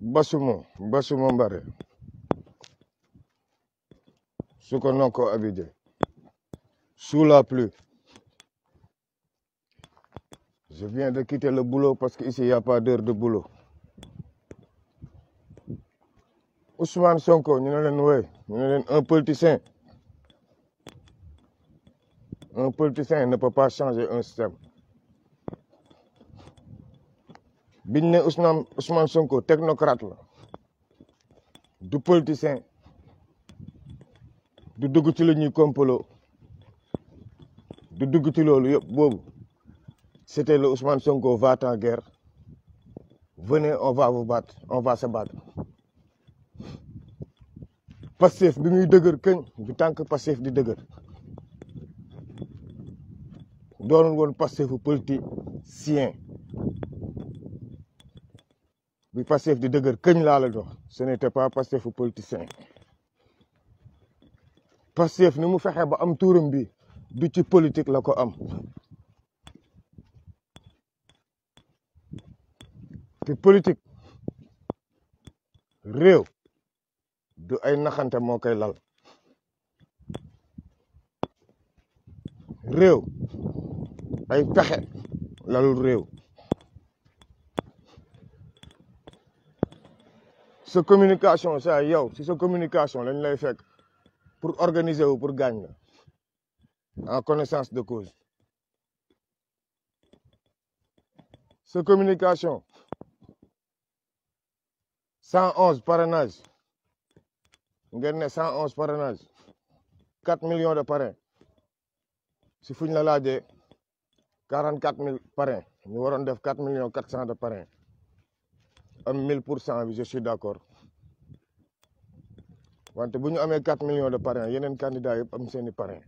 Basumo Basumo encore à vider. sous la pluie je viens de quitter le boulot parce qu'ici il n'y a pas d'heure de boulot Ousmane Sonko nous sommes un politicien un politicien ne peut pas changer un système biñ Ousmane Ousmane Sonko technocrate la du politicien du dugg ci la ñuy complot du dugg c'était le Ousmane Sonko va en guerre venez on va vous battre on va se battre passef bi muy dëgër que du tànk Pastef di dëgër doonul woon politique politicien bi passef di deuguer keñ la la jox ce n'était pas passef politicien passef ni mu fexé ba am tuuram bi du ci politique la ko am te politique rew du ay naxanté moo koy lal rew ay pexe lalul rew Cette communication, c'est à C'est cette communication qu'on a fait pour organiser ou pour gagner. En connaissance de cause. Cette communication, 111 parrainages. 111 parrainages. 4 millions de parrains. Si vous 44 000 parrains, nous avons 4 millions 400 de parrains. 1000 je suis d'accord wante bu 4 millions de parrains yeneen candidats yëpp am seeni parrain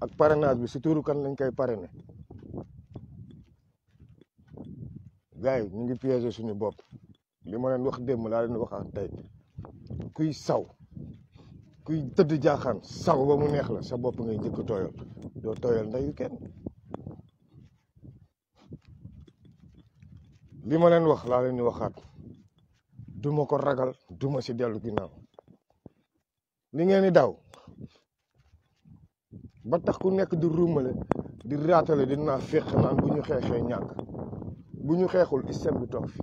ak parrainage bi si tuuru kan lañ koy parrainer gars yi ñu ngi piégé suñu bopp li ma leen wax démb laa leen wax ak tey kuy saw kuy tëdd jaaxaan saw ba mu neex la sa bopp ngay njëkk tooyal doo tooyal ndeyu kenn lima len wax la len waxat duma ko ragal duma ci delu ginaaw li ngeen di daw ba tax ku nek di rumale di ratale di na féq na buñu xexé ñak buñu xexul ñu bi tok fi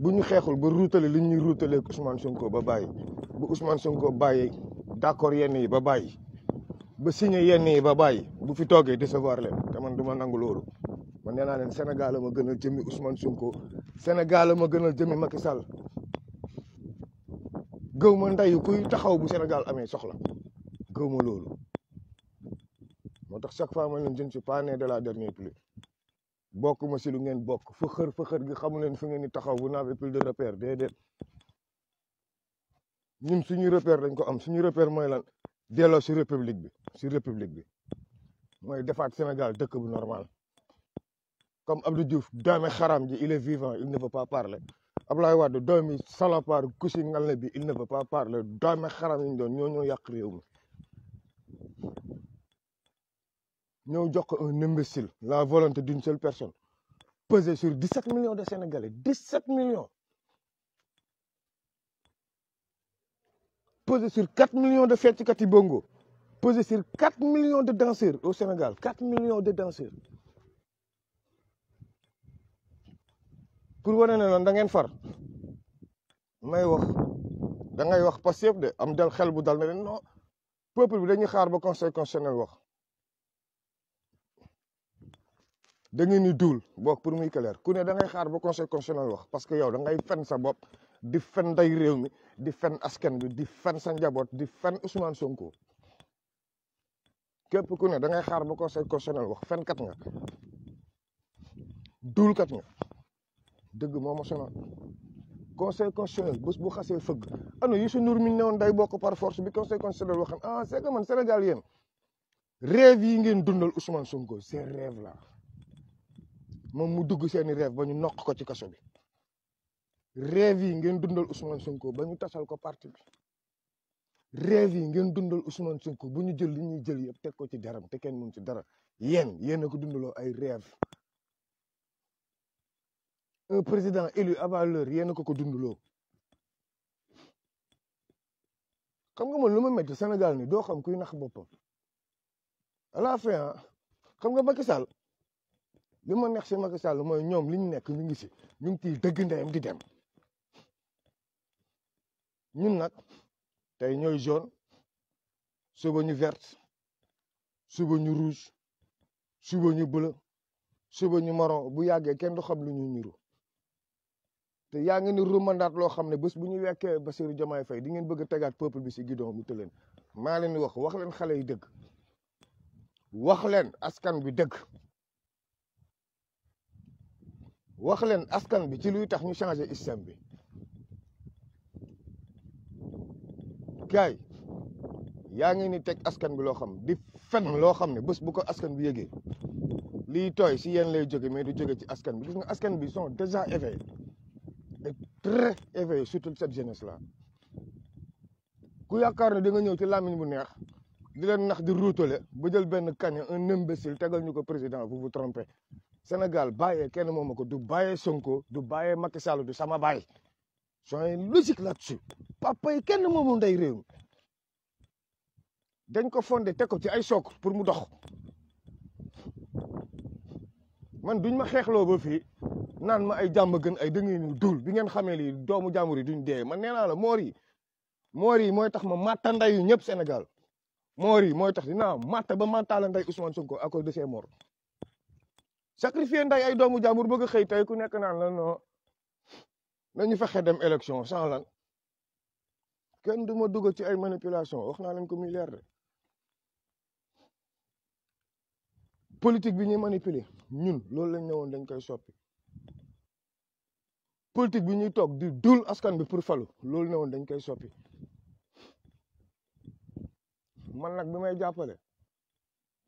buñu xexul xeexul ba ruutale li ñuy ruutaleeg Ousmane Sonko ba baye bu Ousmane Sonko baye d'accord yenn yi ba baye ba signé yenn yi ba baye bu fi toogee décevoir len té man duma nangul lolu man nee naa leen Sénégal la ma gënal jëmi Ousmane Sonko Sénégal la ma gënal jëmi Macky Sall gëw ma nday kuy taxaw bu Sénégal amee soxla gëw ma loolu moo tax chaque fois ma leen je ne suis pas né de la dernière pluie bokk ma si lu ngeen bokk fëxër fëxër gi xamu leen fi ngeen di taxaw vous n'avez plus de repère déedéet ñun suñu reper dañ ko am suñu reper mooy lan delloo si république bi si république bi mooy defaat Sénégal dëkk bu normal comme Abdou Diouf Dame Kharam, ji il est vivant il ne veut pas parler Abdoulaye Wad, doomi Salapar, kusi ngal bi il ne veut pas parler Dame Kharam, yi ñu ñoo ñoo yàq réew mi jox ko un imbécile la volonté d'une seule personne pesé sur 17 millions de Sénégalais 17 millions pesé sur 4 millions de fecckat yi bongo sur 4 millions de danseurs au Sénégal 4 millions de danseurs pour wane na noonu da ngeen far may wax da ngay wax Pastef de am dal xel bu dal ne leen non peuple bi dañuy xaar ba conseil constitutionnel wax da ngeen ni dul boog pour muy clair ku ne da ngay xaar ba conseil constitutionnel wax parce que yow da ngay fen sa bopp di fen nday réew mi di fen askan bi di fen sa njaboot di fen Ousmane Sonko képp ku ne da ngay xaar ba conseil constitutionnel wax fenkat nga kat nga. dëgg moom ma sonal conseil constitutionnel bu xasee fëgg ano Youssou Ndour mi ne woon day bokk par force bi conseil constitutionnel waxam ah c'est que man Sénégal yéen rêve yi ngeen dundal Ousmane Sonko seen rêve la moom mu dugg seeni rêve ba ñu nokk ko ci kaso bi rêve yi ngeen dundal Ousmane Sonko ba ñu tasal ko parti bi yi ngeen dundal Ousmane Sonko bu ñu jël li ñuy jël yëpp teg ko ci daram te kenn mun ci dara yéen yéen a ko dundaloo ay rêve président élu avant l'heure yéen ko ko dundloo xam nga man lu ma métti Sénégal ni doo xam kuy nax boppam à la fin xam nga Macky Sall ma neex si mooy ñoom li ñu nekk ñu ngi si ñu ngi ciy dëgg ndeyam di dem ñun nag tey ñooy jaune suba ñu vert suba ñu rouge suba ñu bleu suba ñu marron bu yàggee kenn du xam lu ñu niru te yaa ngi ni rumandaat loo xam ne bés bu ñu wekkee Bassirou Diomaye fay di ngeen bëgg a tegaat peuple bi si guidon mu tëleen maa leen wax wax leen xale yi dëgg wax leen askan bi dëgg wax leen askan bi ci luy tax ñu changé système bi kay yaa ngi ni teg askan bi loo xam di fen loo xam ne bés bu ko askan bi yëgee liy tooy si yéen lay joge mais du jóge ci askan bi gis nga askan bi sont déjà éveillés très éveillé surtout cette jeunesse là ku yaakaar ne di nga ñëw ci làmmiñ bu neex di leen nax di ruutale ba jël benn kañ un imbécile tegal ñu ko président vous vous trompez Sénégal bàyyee kenn moom ko du bàyyee Sonko du bàyyee Macky Sall du sama baay soyez logique là-dessus papa yi kenn moomu ndey réew mi dañ ko fonde teg ko ci ay sook pour mu dox man duñ ma xeexloo ba fii naan ma ay jàmm ay da ngeen dul bi ngeen xamee lii doomu jàmbur duñ dee man nee naa la moori yi yi mooy tax ma matta nday ñëpp Sénégal moor yi mooy tax dinaa matta ba mattaale nday Ousmane Sonko à cause de ses morts sacrifier nday ay doomu jàmbur bëgg a xëy tey ku nekk naan la non nañu fexe dem élection sans kenn duma ma dugg ci ay manipulation wax naa lañ ko muy leer politique bi ñuy manipuler ñun loolu lañ ne dañ koy soppi politique bi ñuy toog di dul askan bi pour falu loolu ne woon dañ koy soppi man nag bi may jàppale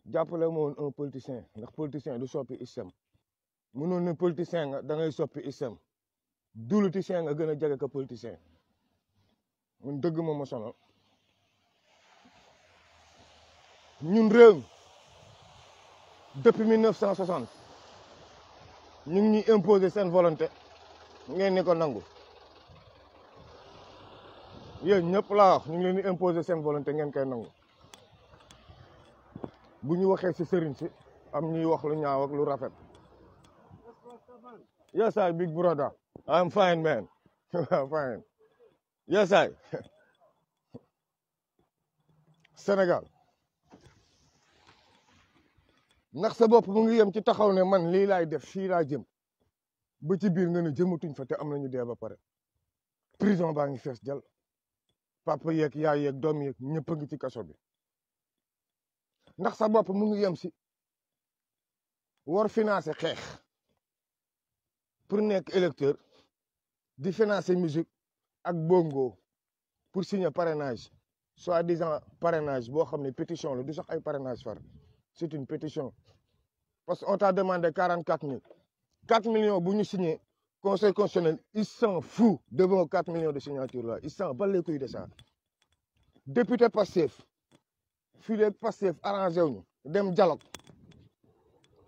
jàppale ma woon un politicien ndax politicien du soppi mun mënoon ne politicien nga da ngay soppi système duluticien nga gën a jege ko politicien mun dëgg ma ma sonal ñun réew depuis 1960 ñu ngi ñuy imposer seen volonté. ngeen ni ko nangu yéen ñëpp laa wax ñu ngi leen di seen volonté ngeen koy nangu bu ñu waxee si sëriñ si am ñuy wax lu ñaaw lu rafet yes I big brother I am fine man fine yes I Sénégal ndax sa bopp mu ngi yem ci taxaw ne man lii laay def fii laa jëm ba ci biir nga ne jëmatuñ fa te am nañu dee ba pare prison baa ngi fees jël papa yeeg yaay yeeg doom yeeg ñëpp a ngi ci kaso bi ndax sa bopp mu ngi yem si war financer xeex pour nekk électeur di financer musique ak bongo pour parenage parrainage soi-disant parenage boo xam ne pétition la di sax ay parrainage far c'est une pétition parce que on t'a demandé quarante quatre mille 4 millions bu ñu signé conseil constitutionnel il s'en fout devant 4 millions de signatures là il s'en bat les couilles de ça député Pastef fii léegi Pastef arrangé wuñu dem dialogue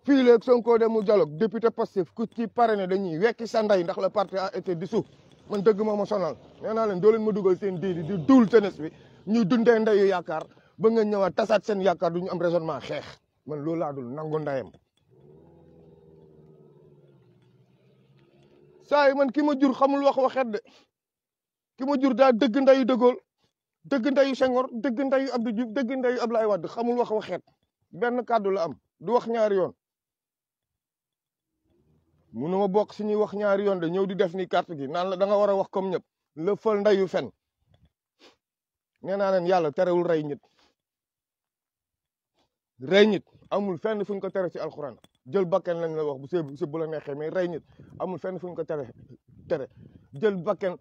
fii léegi Sonko dem dialogue député Pastef ku ci parrainé dañuy wekki sa ndey ndax le parti a été dissous man dëgg moo ma sonal nee naa leen doo leen ma dugal seen diidi di duul tenes bi ñuy dundee ndeyu yaakaar ba nga ñëwaat tasaat seen yaakaar du ñu am raisonnement xeex man loolu laa dul nangu ndayam saa yi man ki ma jur xamul wax waxet de ki ma jur daal dëgg ndeyu De dëgg ndeyu Senghor dëgg ndeyu Abdou Diouf dëgg ndeyu Ablaye Wade xamul wax waxet benn kàddu la am du wax ñaari yoon munu bokk si ñuy wax ñaari yoon de ñëw di def ni carte gi naan la da nga war a wax comme ñëpp la fël ndeyu fen nee naa leen yàlla terewul rey nit rey nit amul fenn fuñ ko tere ci alxuraan jël bakken lañ la wax bu se si bu la nexé mais ray nit amul fenn fuñ ko tere tere jël bakken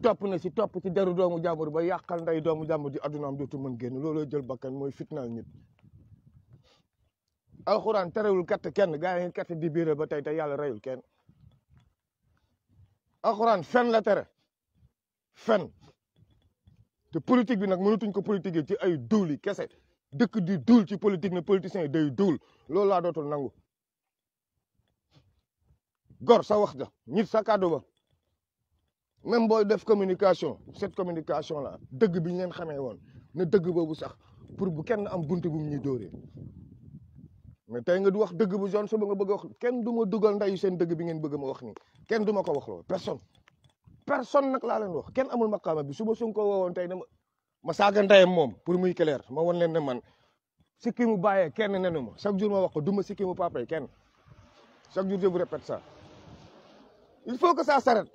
top na si top ci deru doomu jamburu ba yakal nday doomu di aduna am dootu mën genn lolo jël bakken moy fitnal nit alxuraan terewul katt kenn gaay yi katt di biira ba tay tay yalla rayul kenn alquran fen la tere fen te politique bi nag mënatuñ ko politiquer ci ay douli kessé deuk di doul ci politique ne politiciens day doul loolu la dotul nangou gor sa wax ja nit sa cadeau ba même boy def communication cette communication là deug bi ñu xamé won woon ne dëgg sax pour bu kenn am buntu bu mu ñuy dóoree mais tay nga du wax deug bu zone ba nga bëgg wax kenn duma duggal nday seen bi ngeen bëgg ma wax ni kenn duma ko wax lo personne personne nak la leen wax kenn amul maqama bi suba ma ko woowoon tay dama ma ma saaga pour muy clair ma won leen ne man sikki mu kenn nenuma chaque jour ma wax ko duma sikki papay kenn chaque jour je vous répète ça il faut que ça s'arrête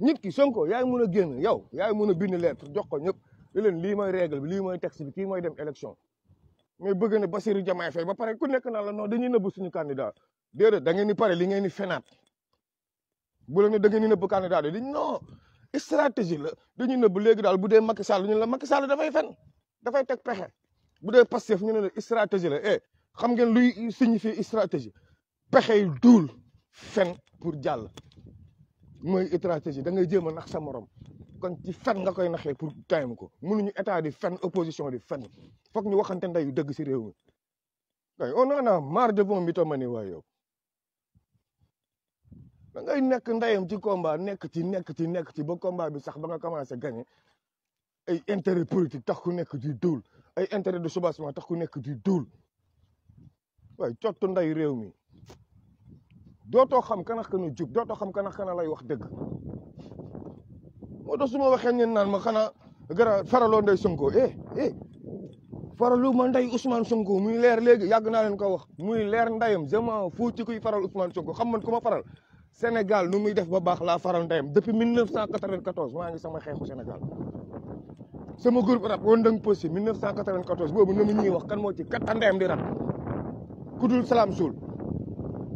nit ki Sonko yaay mën a génn yow yaay mën a bind lettre jox ko ñëpp leen lii mooy règle bi lii mooy texte bi kii mooy dem élection mais bëgg na Bassirou Diomaye fey ba pare ku nekk naa la non dañuy nëbb suñu candidat déedéet da ngeen ni pare li ngeen ni fenaat bu la ne da ngeen ni nëbb candidat bi diñ non stratégie la dañuy nëbb léegi daal bu dee Macky Sall ñu la Macky Sall dafay fen dafay teg pexe bu dee Pastef ñu ne la stratégi la eh xam ngeen luy signifier stratégi pexe yi duul fen pour jàll mooy stratégie da ngay jéem a nax sa morom kon ci fen nga koy naxee pour time ko ñu état di fen opposition di fen foog ñu waxante ndeyu dëgg si réew mi waaye on en a marre de bon mythomanie waaye yow da ngay nekk ndeyam ci combat nekk ci nekk ci nekk ci ba combat bi sax ba nga commencé gagné ay intérêt politique tax ku nekk di dul ay intérêt de soubassement tax ku nekk di dóol waaye cottu nday réew mi dootoo xam kan ak kan a jub dootoo xam kan ak kan lay wax dëgg moo tax su ma waxee ngeen naan ma xanaa gara faraloo ndey Sonko eh eh faralu ma ndey Ousmane Sonko muy leer léegi yàgg naa leen ko wax muy leer ndeyam jamono fuu ci kuy faral Ousmane Sonko xam man ku ma faral Sénégal nu muy def ba baax laa faral ndeyam depuis 1994 maa ngi sama xeexu Sénégal sama groupe rap Wondang Possi 1994 boobu na mu ñuy wax kan moo ci kat a ndeyam di rap ku dul Salam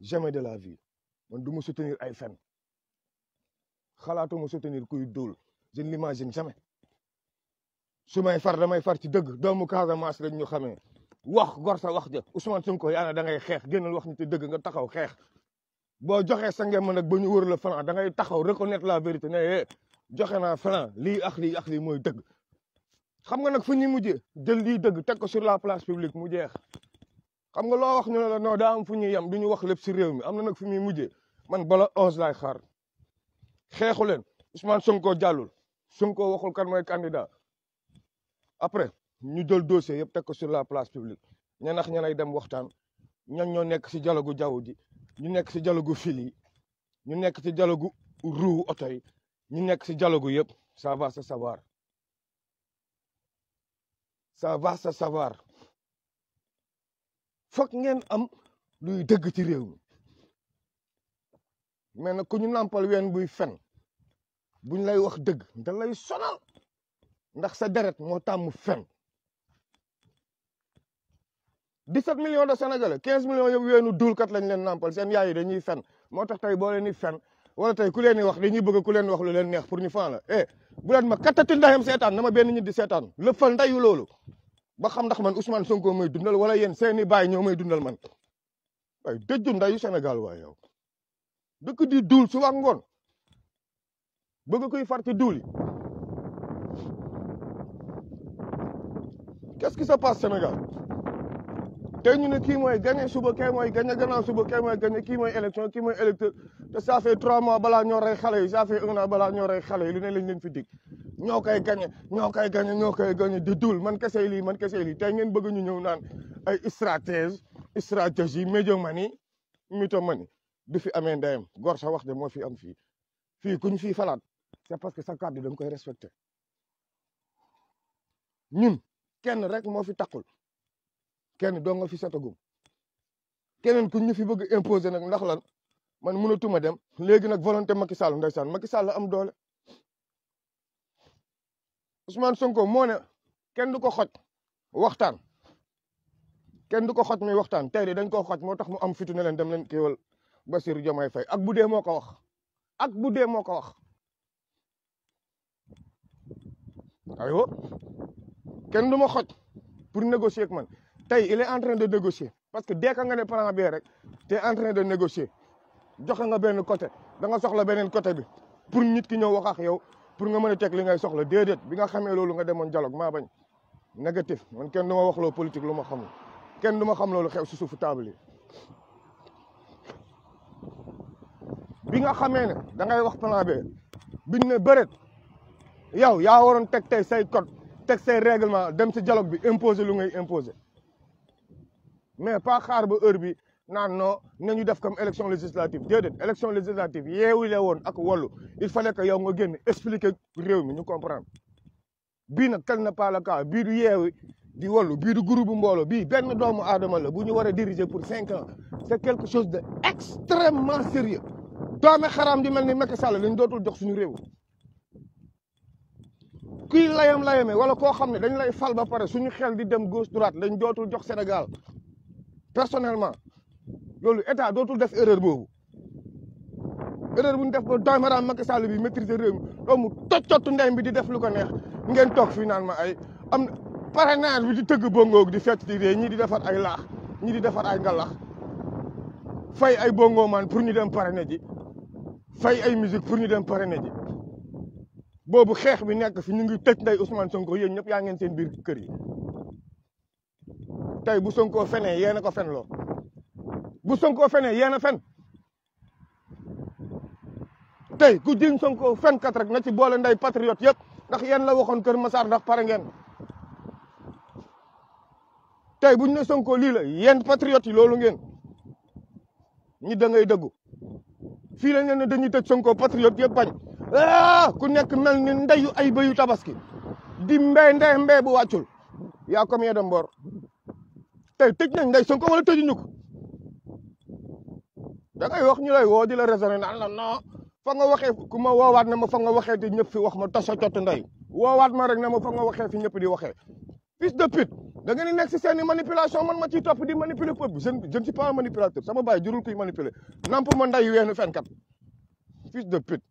jamais de la vie ne du pas soutenir ay fen pas soutenir kuy je ne l'imagine jamais je far damay far ci suis un homme sa wax ja Ousmane na da ngay un wax ni te nga taxaw sa la franc da ngay taxaw reconnaître la vérité ne eh, joxe naa franc je ak lii xam nga sur la place publique mu xam nga lo wax ñu la no da am fu ñuy yem du wax lepp ci réew mi amna na nag fu muy man bala onze lay xaar xeexu len Ousmane Sonko jallul Sonko waxul kan moy candidat après ñu jël dossier yëpp tek ko sur la place publique ñanax ñalay dem waxtaan ñan ñoo nekk ci dialogue jaww ji ñu nekk ci dialogue fili ñu nekk ci dialogue ru auto yi ñu nekk ci dialogue yëpp ça va se savoir ça va se savoir fokk ngeen am luy deug ci rew mi melna ku ñu nampal ween buy fen buñ lay wax deug da lay sonal ndax sa deret mo fen 17 millions de sénégalais 15 millions yëpp dul kat lañ leen nampal seen yaay yi dañuy fen motax tay bo leen ni fen wala tay ku leen wax dañuy bëgg ku leen wax lu leen neex pour ñu fan la eh bu leen ma katatu ndayam sétane dama ben benn nit di le fal ndayu lolu ba xam ndax man Ousmane Sonko may dundal wala yéen seeni baay ñoo may dundal man waaye dëjju ndayu Sénégal waaye yow dëkk di duul suba ngoon bëgg koy far ci duul yi qu'est-ce qui se passe Sénégal tey ñu ne kii mooy gagné suba kii mooy gagné gannaaw suba kii mooy kii mooy élection kii mooy électeur te ça trois mois balaa ñoo xale yi ça fait un an balaa ñoo rey xale yi lu ne lañ leen fi dig ñoo kay gañe ñoo koy gañe ñoo koy gañe di dul man kese lii man kese lii tey ngeen bëgg ñu ñëw naan ay stratège stratégie médiomanie mani di fi amee ndeyam gor sa wax de moo fi am fii fii kuñ fii falaat c'est parce que sa kàddu dañ koy respecté ñun kenn rek moo fi takkul kenn doo nga fi setagum keneen kuñ ñu fi bëgg imposer nag ndax lan man mënatuma dem léegi nag volonté Macky Sall ndeysaan maki Sall am doole Ousmane Sonko moo ne kenn du ko xoj waxtaan kenn du ko xoj muy waxtaan tey de dañ koo xoj moo tax mu am fitu ne leen dem leen kéwal Bassirou Diomaye Faye ak bu dee moo ko wax ak bu dee moo ko wax aywa kenn du ma xoj pour négocier ak man tey il est de négocier parce que dès nga ne plan B rek te en train de négocier joxe nga benn côté danga soxla beneen côté bi pour nit ki ñëw wax ak yow pour nga mën a teg li ngay soxla déedéet bi nga xamee loolu nga demoon dialogue maa bañ négatif man kenn du ma wax loo politique lu ma xamul kenn du ma xam loolu xew si suufu table yi bi nga xamee ne da ngay wax plan B biñ ne bëreet yow yaa waroon teg tey say code teg say règlement dem si dialogue bi imposer lu ngay imposer mais paa xaar ba heure bi Non, non nous def comme élection législative élection législative il fallait que yow nga nous expliquer réew mi ñu comprendre pas le cas bii du yeewi di wallu bii du groupe doomu la bu ñu diriger pour 5 ans c'est quelque chose d'extrêmement extrêmement sérieux Nous xaraam di melni Sall dootul jox suñu nous kuy layam layame wala ne dañ lay fal ba paré suñu xel di dem gauche droite lañ jox Sénégal personnellement loolu état dootul def erreur boobu erreur bu ñu def ba doy maraam Macky Sall bi maîtriser réew mi doomu toccottu ndey bi di def lu ko neex ngeen toog fii naan ma ay am parrainage bi di tëgg bongoog di fecc di ree ñii di defar ay laax ñii di defar ay ngalax fay ay bongo man pour ñu dem parrainé ji fay ay musique pour ñu dem parrainé ji boobu xeex bi nekk fi ñu ngi tëj ndey Ousmane Sonko yéen ñëpp yaa ngeen seen biir kër yi tey bu Sonko fenee yéen a ko fen loo bu Sonko fene yena fen tay ku jiñ Sonko kat rek na ci bolé nday patriote yépp ndax yeen la waxon keur Massar ndax paré ngeen tay buñ ne Sonko li la yeen patriote yi loolu ngeen ñi da ngay dëggu fi la ngeen dañuy tecc Sonko patriote yépp bañ ah ku nekk mel ni ndeyu ay bayu tabaski di mbey ndey mbey bu wàccul yaa combien de mboor tay tecc nañ ndey Sonko wala tëjuñu da ngay wax ñu lay woo di la raisonné naan la non fa nga waxee ku ma woowaat na ma fa waxee te ñëpp fi wax ma tasa cott ndey woowaat ma rek na ma fa waxee fi ñëpp di waxee. fils de pute da ngeen seen i manipulation man ma ciy topp di manipuler peuple bi je je ne suis pas un manipulateur sama baay jurul kuy manipuler namp ma nday weenu fenkat fils de pute.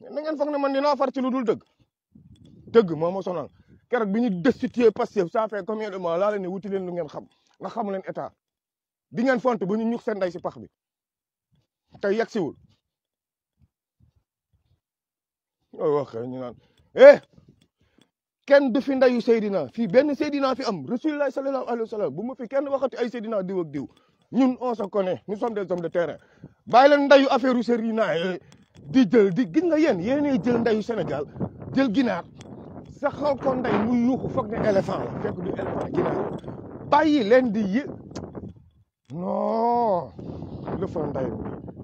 na ngeen foog ne man dinaa far ci lu dul dëgg dëgg moo ma sonal keroog bi ñu destitué Pastef ça fait combien de leen ne ngeen xam nga xamu leen état. di ngeen font ba ñu ñux seen ndey si pax bi te yegg siwul o wax ñu naan eh kenn du fi ndeyu Seydina fii benn Seydina fi am rasulullah sallallahu alayhi wa sallam bu ma fi kenn waxati ay Seydina diw ak diw ñun on se connaît nous sommes des hommes de terrain bàyyi leen ndeyu affaire u Seydina eh, di jël di gis nga yéen yéenay jël ndeyu Sénégal jël ginaar sa xaw ko yuuxu foog ne éléphant la fekk du éléphant ginaar bàyyi leen di yë No, look for a time.